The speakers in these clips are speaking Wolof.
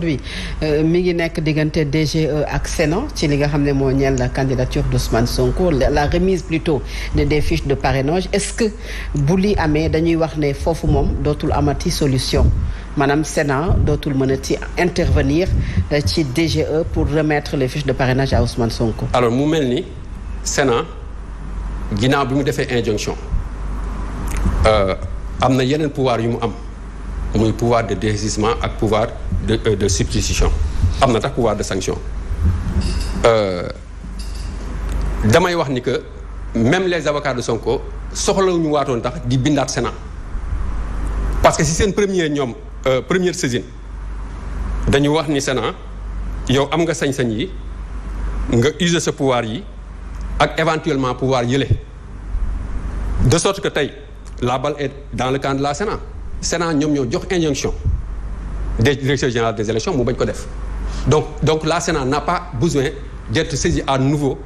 aujourd'hui euh, mi ngi nekk diggante DGE euh, ak Sénat ci li nga xam ne moo ñeen la candidature d'Ousmane Sonko la remise plutôt de des fiches de parrainage est-ce que bu li amee dañuy wax ne foofu moom dootul amati solution maanaam Sénat dootul mën a ci intervenir euh, ci DGE pour remettre les fiches de parrainage à Ousmane Sonko. alors mu mel ni Sénat ginnaaw bi mu defee injonction am na yeneen pouvoir yu mu am muy pouvoir de désistement ak pouvoir. de euh, de substitution am na tax pouvoir de sanction euh, damay wax ni que même les avocats de Sonko soxlawuñu waatoon tax di bindaat Sénat parce que si seen premier ñoom euh, première saisine dañu wax ni Sénat yow am nga sañ-sañ yi nga user sa pouvoir yi ak éventuellement pouvoir yële de sorte que tey la balle est dans le camp de la Sénat Sénat ñoom ñoo jox injonction directeur général des élections mu bañ ko def donc donc la Sénat n'a pas besoin d'être saisi à nouveau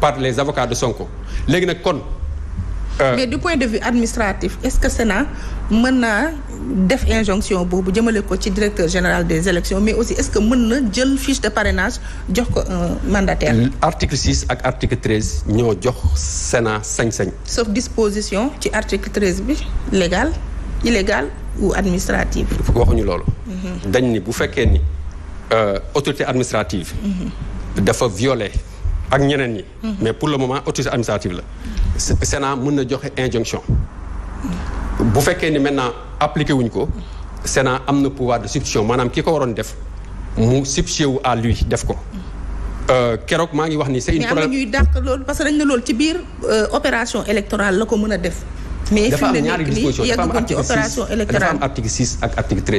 par les avocats de Sonko léegi nag kon. Euh, mais du point de vue administratif est-ce que Sénat mën naa def injonction boobu jëmalee ko ci directeur général des élections mais aussi est-ce que mën na jël fiche de parrainage jox ko un mandataire. article 6 ak article 13 ñoo jox Sénat sañ-sañ. sauf disposition ci article bi légal. illégale ou administrative. waxuñu loolu. dañ ni bu fekkee ni euh, autorité administrative. dafa violer ak ñeneen yi mais pour le moment autorité administrative la. Sénat mën na joxe injonction. bu fekkee ni maintenant appliqué wuñ ko. Sénat am na pouvoir de substitution maanaam ki ko waroon def mu substitué wu àll lui def ko. Euh, keroog maa ngi wax ni c'est une. problème mais am na ñuy dàq loolu parce que dañ ne loolu ci biir euh, opération électorale la ko mën a def. mais dafa am ñaari disposition dafa am article 6 dafa am article ak article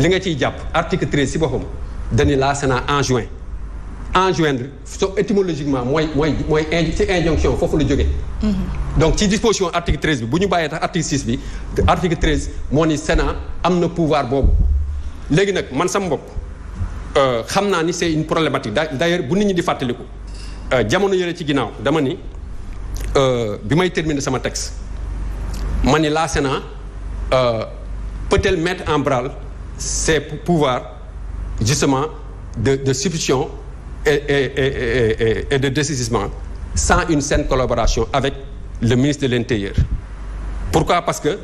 li nga ciy jàpp article 13 si boppam dañu la Sénat enjoint enjoindre so étymologiquement mooy mooy mooy ci injonction foofu la jóge mhm. donc ci disposition article bi bu ñu bàyyee tax article 6 bi article moo ni Sénat am na pouvoir boobu léegi nag man sama bopp euh, xam naa ni c'est une problématique d'ailleurs bu nit ñi di fàttaliku euh, jamono yële ci ginnaaw dama ni euh, bi may terminer sama tex man ni la Sénat euh, peut-elle mettre en branle ses pouvoirs justement de de substitution et et et de dessaisissement sans une saine collaboration avec le ministre de l'intérieur pourquoi parce que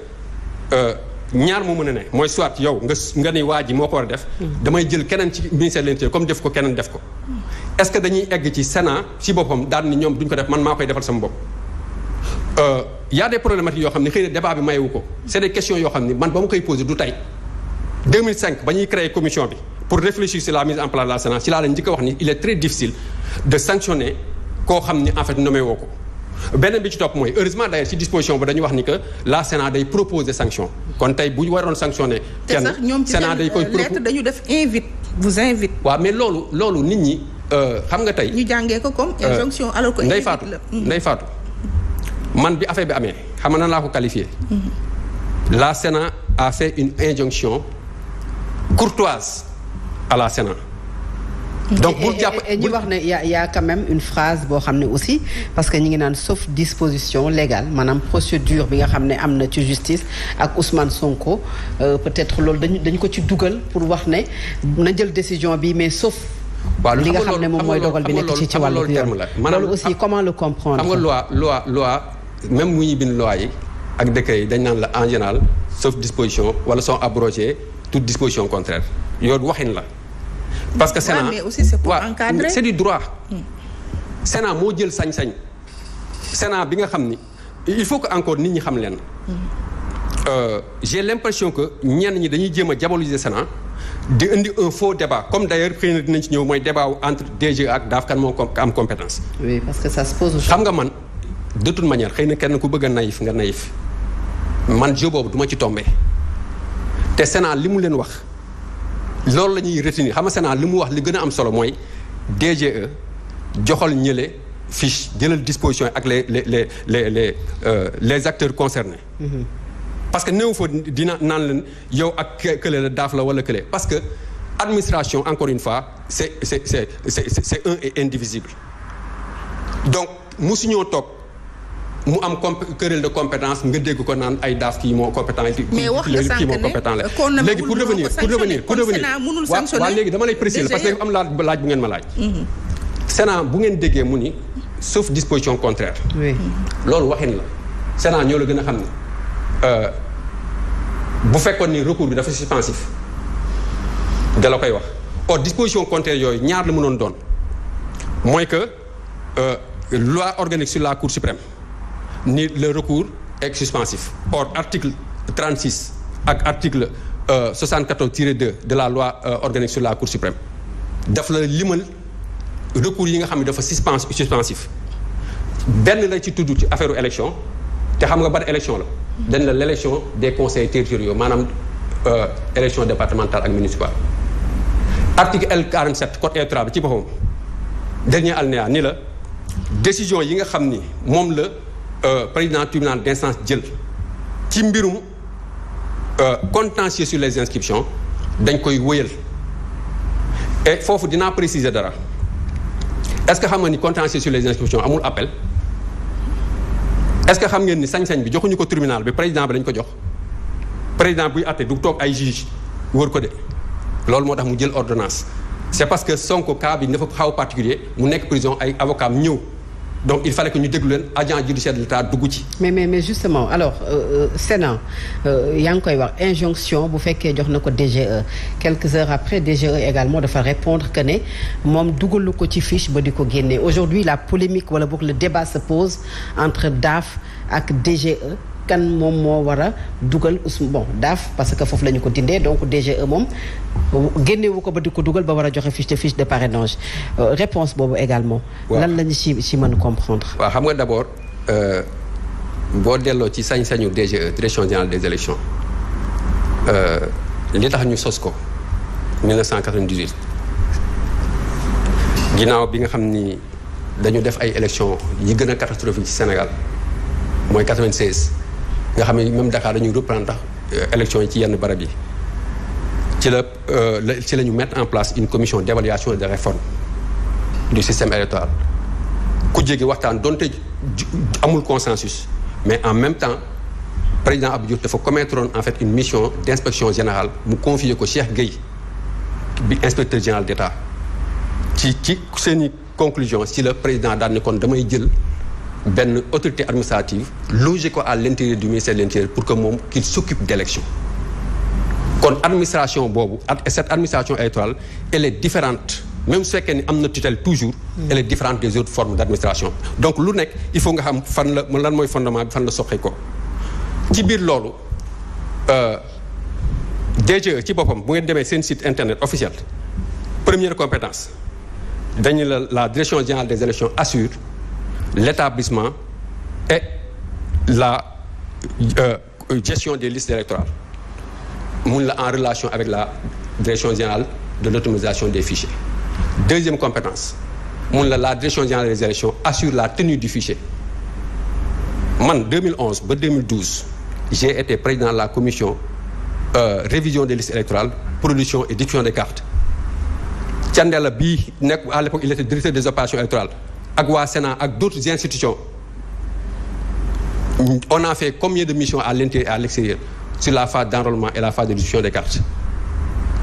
euh, ñaar moo mën a ne mooy soit yow nga nga ni waa ji moo ko war def damay jël keneen ci ministère de l'intérieur comme def ko keneen def ko est-ce que dañuy egg ci Sénat ci boppam daal ni ñoom duñ ko def man maa koy defal sama bopp euh, y a des problématiques yoo xam ne xëy na débat bi mayewu ko c' est yoo xam ne man ba mu koy posé du tey ba ñuy créer commission bi pour réfléchir sur la mise en place de la CENA si laa leen njëkk a wax il est koo xam ni en fait nommé woo ko beneen bi ci topp mooy heureusement d'ailleurs ci disposition dañu wax ni que la Sénat day proposer sanction kon tey bu ñu waroon sanctionné. kenn Sénat day koy euh, lettre dañu def invite vous invite. waaw mais loolu loolu nit ñi euh, xam nga tey. ñu jàngee ko comme euh, injonction alors que. invite la ndey faatu ndey faatu. man bi affaire bi amee xam na laa ko qualifié. Mhm. la Sénat a fait une injonction courtoise à la Sénat. donc bul ñu wax ne yaa a y' une phrase boo xam ne aussi parce que ñu ngi naan sauf disposition légale maanaam procédure bi nga xam ne am na ci justice ak Ousmane Sonko euh, peut-être loolu dañu dañu ko ci dugal pour wax ne na jël décision bi mais sauf. waaw li nga xam ne moom mooy dogal bi nekk ci ci wàllu yoon. maanaam loolu aussi comment le comprendre. xam nga loi même bu ñuy bind loi yi ak décret yi dañ naan la en général sauf disposition wala sont abrogées toute disposition contraire yooyu waxin la. parce que Sénat mais aussi c'est pour encadrer c'est du droit. Hmm. Sénat moo jël sañ-sañ. Sénat bi nga xam ni il faut que encore nit ñi xam leen. Hmm. Euh, j'ai l'impression que ñenn ñi dañuy jéem a diaboliser Sénat di indi un faux débat comme d'ailleurs xëy na dinañ ci ñëw mooy débat entre DG ak DAF kan moo am compétence. que ça xam nga man. de toute manière xëy na kenn ku bëgg a naïf nga naïf man jeu boobu du ci tombé te Sénat li mu leen wax loolu la ñuy retenir xam nga Sénat li mu wax li gën a am solo mooy DGE joxal ñële fiche jëlal disposition ak le les les les les les euh, acteurs concernés. Mhm. parce que néew foo dina nan leen yow ak kële la daaf la wala kële parce que administration encore une fois c'est c'est c'est c'est un et indivisible donc musuñoo toog. mu am comp querelle de compétence nga dégg ko naan ay daaf kii moo compétent wax nga sànq ne léegi pour revenir pour revenir pour revenir waaw léegi dama lay préciser parce que dafa am laaj laaj bu ngeen ma laaj mhm. Sénat bu ngeen déggee mu ni sauf disposition contraire loolu waxin la Sénat ñoo la gën a xam ne euh, bu fekkoon nii recours bi dafa suspensif da la koy wax or disposition contraire yooyu ñaar la mënoon doon mooy que euh, loi organique sur la Cour suprême ni le recours est suspensif or article 36 ak article euh, 74-2 de la loi euh, la cour suprême daf la limal recours yi nga xam ne dafa suspens suspensif benn la ci tudd ci affaire élection te xam nga ban élection la dañ la l' élection des conseils territoriaux maanaam euh, élection départementale ak municipale article L47 code électoral bi ci boppam dernier alinéa ni la décision yi nga xam ni moom la Euh, président tribunal d'instance jël ci mbirum euh, contentieux sur les inscriptions dañ koy wëyal et foofu dinaa préciser dara est-ce que xam nga ni contentieux sur les inscriptions amul appel est-ce que xam ngeen ni sañ-sañ bi joxuñu ko tribunal bi président bi dañ ko jox président buy àtte du toog ay juge wër ko de loolu moo tax mu jël ordonnance c'est parce que Sonko cas bi dafa xaw particulier mu nekk prison ay avocats ñëw donc il fallait que ñu déglu leen agent judiciaire de l'État dugg ci. mais mais mais justement alors euh, euh Sénat euh, yaa ngi koy wax injonction bu fekkee jox na ko DGE quelques heures après DGE également dafa répondre que ne moom dugalu ko ci fiche ba di ko génnee aujourd'hui la polémique wala boog le débat se pose entre DAF ak DGE. kan moom moo war a dugal Ousmane bon daaf parce que foofu la ñu ko dindee donc DGE moom génnewu ko ba di ko dugal ba war a joxe fiche de fiche de parrainage euh, réponse boobu également lan lañu ci ci mën comprendre waaw xam nga d'abord euh, boo delloo ci sañ-sañu DGE direction générale des élections euh, li tax ñu sos ko 1998 ginnaaw bi nga xam ni dañu def ay élections yi gën a catastrophique ci Sénégal mooy nga xam ne même Dakar dañuy reprendre euh, élection yi ci yenn barab yi ci euh, la ci la ñu mettre en place une commission d'évaluation et de réforme du système électoral ku jéggi waxtaan donte amul consensus mais en même temps président Abdou Diouf dafa commettre en fait une mission d'inspection général mu confier ko Cheikh Gueye bi inspecteur général d'État ci ci seen i conclusion si la président daal ne kon damay jël benn autorité administrative loger ko à l'intérieur du ministère de l'intérieur pour que moom qu'il s'occupe d'élection kon administration boobu ak cette administration électorale elle est différente même su fekkee ni am na tutel toujours elle est différente des autres formes d'administration donc lu nekk il faut nga xam fan la lan mooy fondement bi fan la soqee ko ci biir loolu euh, DGE ci boppam bu ngeen demee seen site internet officiel première compétence dañu la la direction générale des élections assure l'établissement et la euh, gestion des listes électorales mun la en relation avec la direction générale de l'automatisation des fichiers deuxième compétence mun la la direction générale des élections assure la tenue du fichier man 2011 ba 2012 j'ai été président la commission euh, révision des listes électorales production et diffusion des cartes Thiandella bii nekk à l'époque il était directeur des opérations électorales ak waa Sénat ak d'autres institutions on a fait combien de missions à l'intérieur et à l'extérieur sur la phase d'enrôlement et la phase de distribution des cartes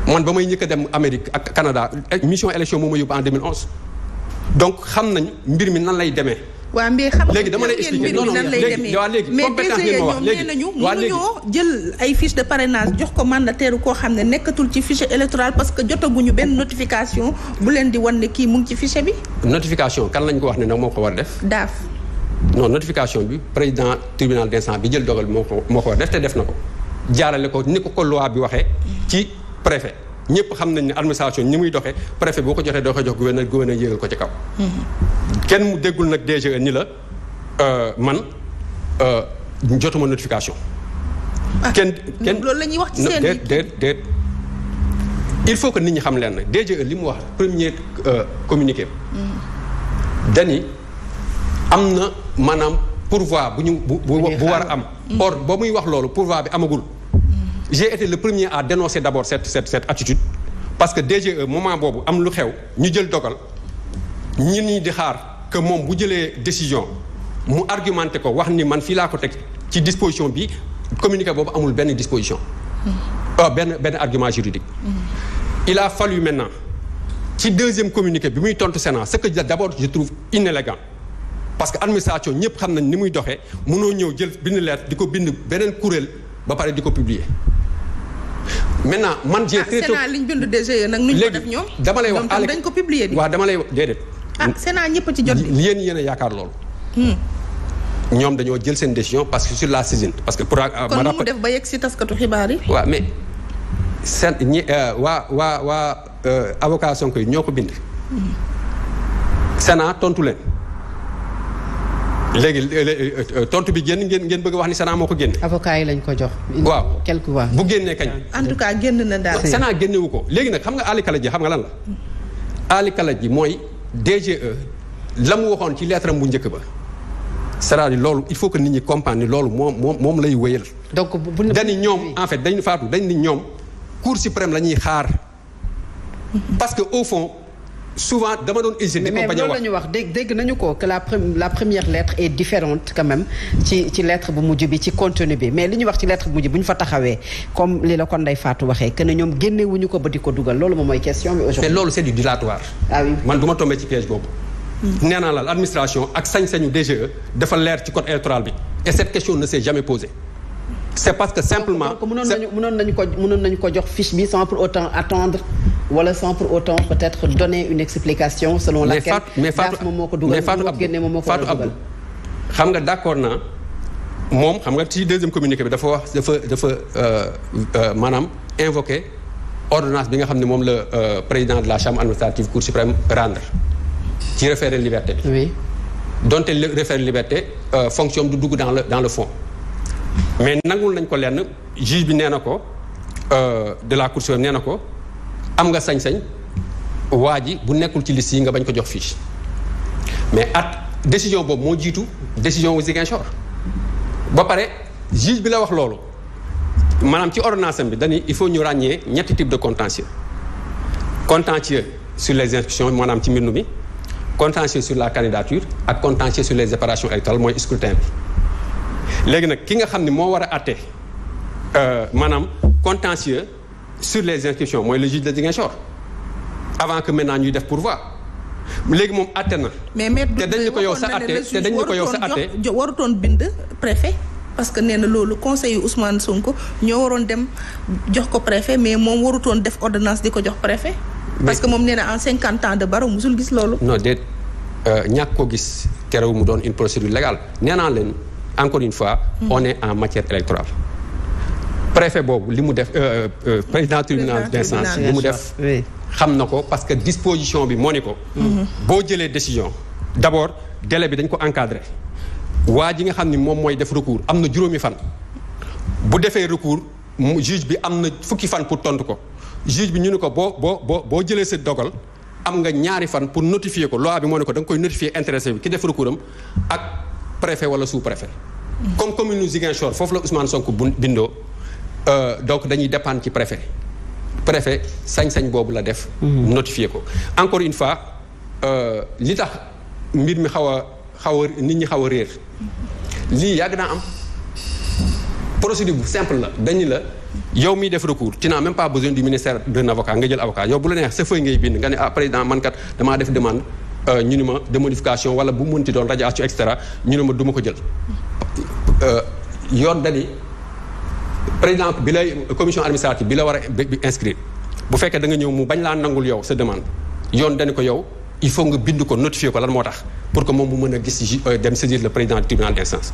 man ba may njëkk dem Amérique ak Canada mission élection moo ma yóbbu en 2011 donc xam nañ mbir mi nan lay demee waa mbi xam léegi dama lay expliquer non non léegi waaw léegi compétence ngeen ma wax léegi mais ñoom nee nañu mënuñoo jël ay fiche de parrainage jox ko mandataire koo xam ne nekkatul ci fichier électoral parce que jotaguñu benn notification bu leen di wan ne kii mu ngi ci fichier bi. notification kan lañ ko wax ne na moo ko war def. daaf. non notification bi président tribunal d'instance bi jël dogal moo ko moo ko war def te def na ko jaarale ko ni ko ko loi bi waxee ci préfet. ñëpp xam nañ ne administration ñi muy doxee préfet boo ko joxee doo ko jox gouverneur gouverneur yéegal ko ci kaw. Mhm. kenn mu déggul nag DGE ni la euh, man euh, jotuma notification. Ah, kenn kenn loolu la ñuy wax ci seen déet déet il faut que nit ñi xam leen nag DGE li mu wax premier euh, communiqué. Mm. dani am na maanaam pourvoi bu ñu bu bu war a am. Mm. or ba muy wax loolu pourvoi bi amagul. Mm. j'ai été le premier à dénoncer d'abord cette cette cette attitude parce que DGE moment boobu am lu xew ñu jël dogal ñun ñi di xaar. que moom bu jëlee décision mu argumenté ko wax ni man fii laa ko teg ci disposition bi communiqué boobu amul benn disposition ah benn benn argument juridique mm-hmm. il a fallu maintenant ci deuxième communiqué bi muy tontu Sénat ce que d'abord je trouve inélégant parce que administration ñëpp xam nañ ni muy doxee mënoo ñëw jël bind lettre di ko bind beneen kuréel ba pare di ko publier maintenant man j'ai ah, très tôt e léegi dama lay wax dañ ko publier waaw dama lay déedéet ah Sénat ñëpp ci jot de. yéen yéen a yaakaar loolu. Hmm. ñoom dañoo jël seen décision parce que sur la saisine parce que pour. Euh, kon mu def ba yegg si taskatu xibaar yi. waaw mais seen euh, waa waa waa euh, avocat yi ñoo ko bind. Hmm. Sénat tontu leen. léegi bi génn ngeen ngeen bëgg wax ni Sénat moo ko génn. avocat yi lañ ko jox. waaw quelque part bu génnee kañ. en tout cas génn na daal. Sénat génnewu ko léegi nag xam nga Ali Kala ji xam nga lan la. Hmm. Ali Kala ji mooy. DGE la waxoon ci lettre am bu njëkk ba cest à loolu il faut que nit ñi comprendre loolu moom moom moom lay wéyal. donc bu dañu ñoom en fait dañu faatu dañu ni ñoom cour suprême la ñuy xaar. parce que au fond. souvent dama doon hésiter. mais loolu la ñu wax dégg dégg nañu ko que la première lettre est différente quand même ci lettre bu mujj bi ci contenu bi mais li ñu wax ci lettre bu mujj bu ñu fa taxawee comme li la kon day faatu waxee que ne ñoom génnewuñu ko ba di ko dugal loolu moom mooy question bi aujourd'hui. mais loolu ah man du ma ci piège boobu. Hmm. nee la administration ak sañ-sañu DGE dafa leer ci code électoral bi et cette question ne s'est jamais posée. c'est parce que simplement. donc mënoon nañu wala sans pour autant peut-être donner une explication selon laquelle gaaf moom moo ko dugal génne moom moo ko dugal xam nga d'accord naa moom xam nga ci deuxième communiqué bi dafa wax dafa dafa euh, euh, maanaam invoqué ordonnance bi nga xam ne moom la euh, président de la chambre administrative cour suprême rendre ci référé liberté donte référé liberté euh, fonction du dugg dans le dans le fond mais nangul nañ ko lenn juge bi nee na ko de la cour suprême nee na ko am nga sañ-sañ waa ji bu nekkul ci liste yi nga bañ ko jox fiche mais at décision boobu moo jiitu décision wu Ziguinchor ba pare juge bi la wax loolu maanaam ci ordonnance bi dañuy il faut ñu ràññee ñetti type de contentieux contentieux sur les inscriptions maanaam ci mbindu mi contentieux sur la candidature ak contentieux sur les opérations électorales mooy scrutin bi léegi nag ki nga xam ne moo war a atte euh, maanaam contentieux sur les inscriptions mooy le juge de Ziguinchor avant que maintenant ñuy def pourvoi léegi moom àtte na. te dañ la ko yow sa àtte te dañ la ko yow sa àtte warutoon bind préfet. parce que nee na loolu conseil yu Ousmane Sonko ñoo waroon dem jox ko préfet mais moom warutoon def ordonnance di ko jox préfet. parce que moom nee en cinquante ans de baro musul gis loolu. non déet euh, ñàkk ko gis terewul mu doon une procédure légal nee naa leen encore une fois. Hmm. on est en matière électorale. préfet boobu li mu def euh, euh, euh, président tribunal d'instance li mu def xam na ko parce que disposition bi moo ni ko mhm. boo jëlee décision d'abord délai bi dañ ko encadré waa ji nga xam ni moom mooy def recours am na juróomi fan bu defee recours juge bi am na fukki fan pour tontu ko juge bi ñu ni ko boo boo boo boo jëlee sa dogal am nga ñaari fan pour notifier ko loi bi moo ne ko da koy notifier intéressé bi ki def recours am ak préfet wala sous préfet mhm. comme commune foofu la Ousmane Sonko bindoo Euh, donc dañuy dépendre ci préfet préfet sañ-sañ boobu la def. Mhm. notifier ko encore une fois euh, li tax mbir mi xaw a xaw a nit ñi xaw a réer lii yàgg naa am procédure bu simple la dañu la. yow miy def recours tu n'as même pas besoin du ministère d'un avocat nga jël avocat yow bu la neex sa feuille ngay bind nga ne ah président man kat damaa def demande euh, ñu ne ma de modification wala bu mënti doon radiation et ñu ne ma duma ko jël yoon dani président bi lay commission administrative bi la war a inscrire bu fekkee danga ñëw mu bañ laa nangul yow sa demande yoon dañu ko yow il faut nga bind ko notifier ko lan moo tax pour que moom mu mën a gis euh, dem saisir le président du tribunal d'instance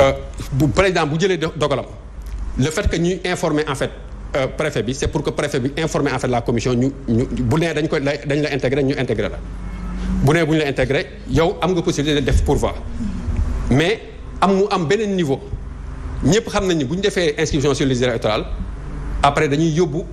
euh, bu président bu jëlee dogalam le fait que ñuy informé en fait euh, préfet bi c'est pour que préfet bi informer en fait la commission ñu ñu bu nee dañ ko dañ la intégré ñu intégré la bu nee bu ñu la yow am nga possibilité de def pourvoi mais am mu am beneen niveau ñëpp xam nañu bu ñu defee inscription sur liste électorale après dañuy yóbbu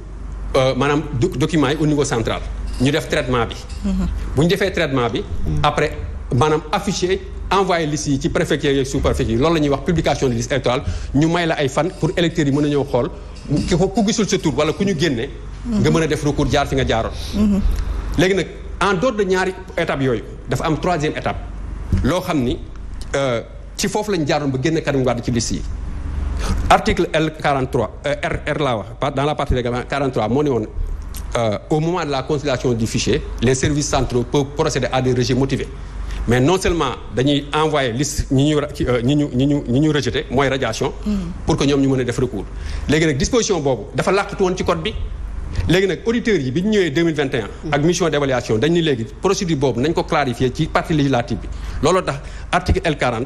euh, maanaam document yi au niveau central ñu def traitement bi. Mm-hmm. bu ñu defee traitement bi. Mm-hmm. après maanaam affiché envoyé liste yi ci préfecture yeeg sous yi loolu la ñuy wax publication de liste électorale ñu may la ay fan pour électeurs yi mën a ñëw xool ki ko ku gisul sa tur wala ku ñu génne. Mm-hmm. nga mën a def recours jaar fi nga jaaroon. léegi nag en dehors de ñaari étape yooyu dafa am troisième étape loo xam ni euh, ci foofu lañ jaaroon ba génne Karim Wade ci liste yi. article L 43 euh, R R laa wax dans la partie règlement 43 moo ne woon euh, au moment de la consultation du fichier les services centraux peuvent procéder à des rejets motivés mais non seulement dañuy envoyer liste ñi ñu euh, ñi ñu ñi ñu ñi ñu mooy radiation. Mm. pour que ñoom ñu mën a def recours. léegi nag disposition boobu dafa làqatu woon ci code bi léegi nag auditeurs yi bi ñu ñëwee 2021. Mm. ak mission d' évaluation dañ ni léegi procédure boobu nañ ko clarifier ci parti législative bi looloo tax article L 40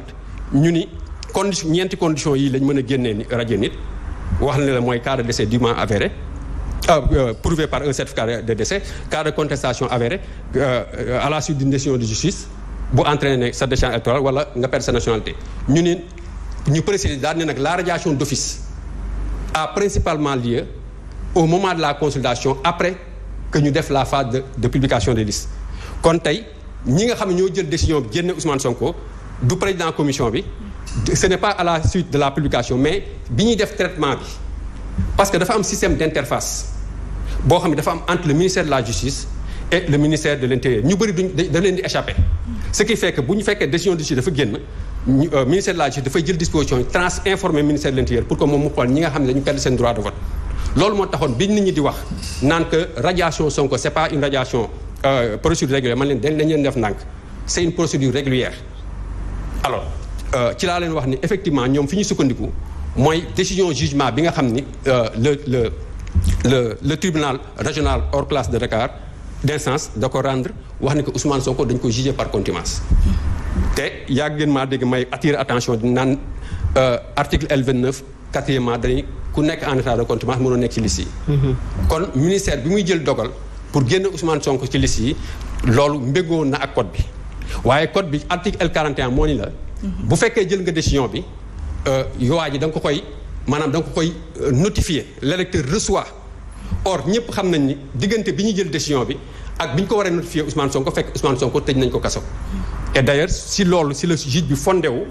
ñu ni. condition ñeenti condition yi lañ mën a génnee ni rajo nit wax ne la mooy cas de décès dûment avéré ah, Euh, par un certificat de décès cas de contestation avérée euh, euh, à la suite d'une décision de justice bu entraîné sa déchéance électorale wala nga perdre sa nationalité ñu ne ñu préciser daal ne nag la radiation d'office à principalement lieu au moment de la consultation après que ñu def la phase de, publication des listes kon tey ñi nga xam ne ñoo jël décision bi génne Ousmane Sonko du président commission bi ce n'est pas à la suite de la publication mais bi ñuy def traitement bi parce que dafa am système d'interface boo xam ne dafa am entre le ministère de la justice et le ministère de l'intérieur ñu bëri duñ dañ leen di échapper ce qui fait que bu ñu fekkee décision de justice dafa génn euh, ministère de la justice dafay jël disposition trans informer ministère de l'intérieur pour que moom mu xool ñi nga xam ne dañu perdre seen droit de vote loolu moo taxoon bi di wax naan que radiation Sonko c'est pas une radiation euh, procédure régulière man leen dañ leen def ndànk c'est une procédure régulière alors Euh, ci laa leen wax ni effectivement ñoom fi ñu sukkandiku mooy décision jugement bi nga xam ni euh, le le le le tribunal régional hors classe de Dakar d'instance da ko rendre wax ni ko Ousmane Sonko dañ ko jugé par contumace te yàgg ngeen ma dégg may attirer attention di naan euh, article L29 quatrièmement dañuy ku nekk en état de contumace mënoo nekk ci liste yi. Mhm. kon ministère bi muy jël dogal pour génn Ousmane Sonko ci liste yi loolu mbégoo na ak code bi waaye code bi article L41 moo bu fekkee jël nga décision bi euh, yowaay yi da ko koy maanaam da nga ko koy euh, notifier l'électeur reçoit or ñëpp xam nañ ni diggante bi ñu jël décision bi ak bi ñu ko waree notifier Ousmane Sonko fekk Ousmane Sonko tëj nañ ko kaso. et d'ailleurs si lool si le juge bi fondé wu.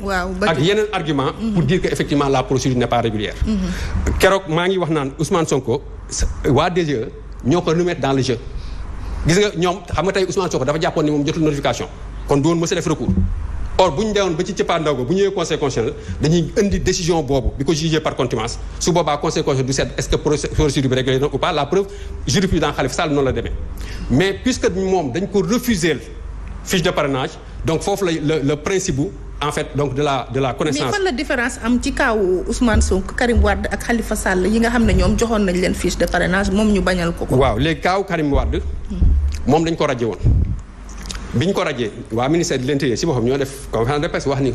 ak yeneen argument mhm. pour dire que effectivement la procédure n'est pas régulière. Mhm. keroog maa ngi wax naan Ousmane Sonko waa DGE ñoo ko remettre dans le jeu. gis nga ñoom xam nga tey Ousmane Sonko dafa jàppoon ni kon du woon mës or bu ñu deewoon ba ci cëppaandaw ba bu ñëwee conseil dañuy indi décision boobu bi ko jugé par contumace su boobaa conseil constitutionnel du seet est-ce que procédure bi réglé na ou pas la preuve jurisprudence Khalifa Sall noonu la demee mais puisque moom dañ ko refuser fiche de parrainage donc foofu la le principe bu en fait donc de la de la connaissance. mais fan la différence am ci kaawu Ousmane Sonko Karim Wade ak Khalifa Sall yi nga xam ne ñoom joxoon nañ leen fiche de moom ñu bañal ko ko. waaw léegi kaawu Karim hmm. moom dañ ko rajee woon. biñ ko rajee waa ministère de l'intérieur si boppam ñoo def conférence de presse wax ni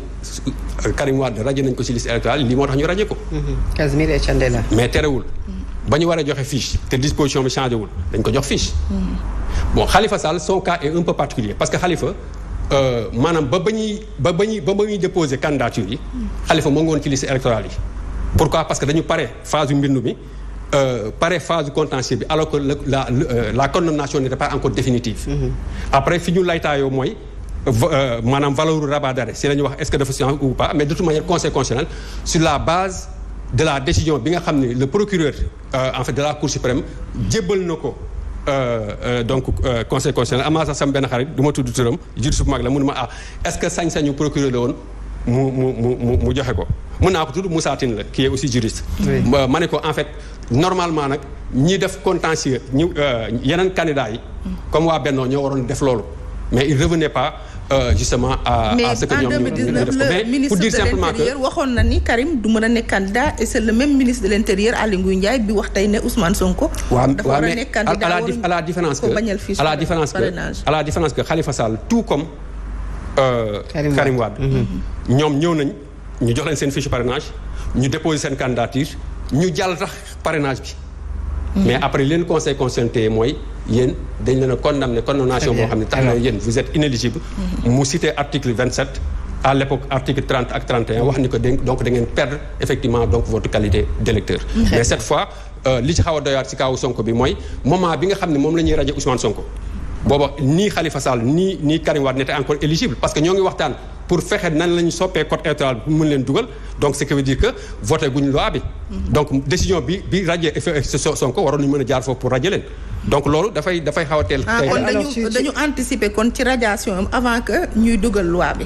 Karim raje nañ ko si liste électorale lii moo tax ñu raje ko. Mm-hmm. mais terewul. ba ñu war a joxe fiche te disposition bi changé wul dañ ko jox fiche. Mm-hmm. boo xalifa saal son cas est un peu particulier parce que Khalifa euh, maanaam ba ba ñuy ba ba ñuy ba ba ñuy déposé candidature yi. xalifa mm. moo ngi woon ci liste électorale yi. pourquoi parce que dañu pare phase yu mbindu mi. euh, pare phase contentieux bi alors que la la euh, la condamnation n'était pas encore définitive. Mm-hmm. après fi ñu laytaayoo mooy. Euh, maanaam valeur rabat si la wax est-ce que dafa science ou pas mais de toute manière sur la base de la décision bi nga xam ni le procureur euh, en fait de la cour suprême jébbal na ko donc conseil constitutionnel amaa sax sam benn xarit du ma tudd turam juriste bu mag la mu ma ah est-ce que sañ-sañu procureur la woon mu mu mu mu joxe ko mun naa la qui normalement nag ñi def contentieux ñu euh, yeneen candidats yi. comme waa Benno ñoo waroon def loolu. mais il revenait pas euh, justement à ce que ñoom ministre de l'intérieur waxoon na ni Karim du mën a nekk candidat et c'est le même ministre de l'intérieur Aly Ngouille Ndiaye bi wax tey ne Ousmane Sonko. waaw dafa war a nekk candidat à la à la différence que à la différence que à la différence que Khalifa Sall tout comme. Euh, Karim Wade mhm. ñoom ñëw nañ ñu jox leen seen fiche parrainage ñu déposer seen candidature ñu jàll tax. parrainage bi. mais après leen conseil constitutionnel mooy yéen dañ leen a condamnation boo xam ne tax na yéen vous êtes inéligible. Mm-hmm. mu cité article vingt sept à l' article trente ak trente et wax ni que donc da ngeen effectivement donc votre qualité d' mm-hmm. mais cette fois euh, li ci xaw a doyaat si kaawu Sonko bi mooy moment bi nga xam ne moom la ñuy rajo Ousmane booba nii Khalifa Sall nii nii Karim Wade encore éligible parce que pour fexe nan la ñu soppee code électoral bi mën leen dugal donc ce qui veut dire que voté guñ loi bi. donc décision bi bi radier Sonko waroon nañu mën a jaar foofu pour radier leen. donc loolu dafay dafay xaw a teel. Ah, kon dañu dañu anticiper kon ci radiation am avant que ñuy dugal loi bi.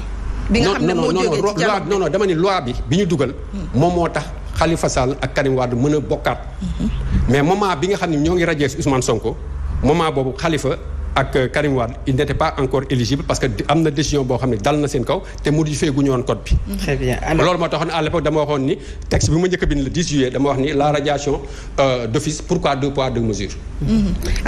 bi nga xam ne moo jógee ci jàll non non dama loi bi bi ñu dugal. Hmm. moom moo tax xalifa Sall ak Karim Wade mën a bokkaat. Hmm. mais moment bi nga xam ne ñoo ngi radier Ousmane Sonko moment boobu Khalifa. ak euh, Karim Wade il n'était pas encore éligible parce que am na décision boo xam ne dal na seen kaw te modifié gu ñu code bi. Mm-hmm. loolu moo taxoon à l'époque dama waxoon ni texte bi ma njëkk a bind le 10 juillet dama wax ni la radiation euh, d'office pourquoi deux poids deux mesures. Mm-hmm.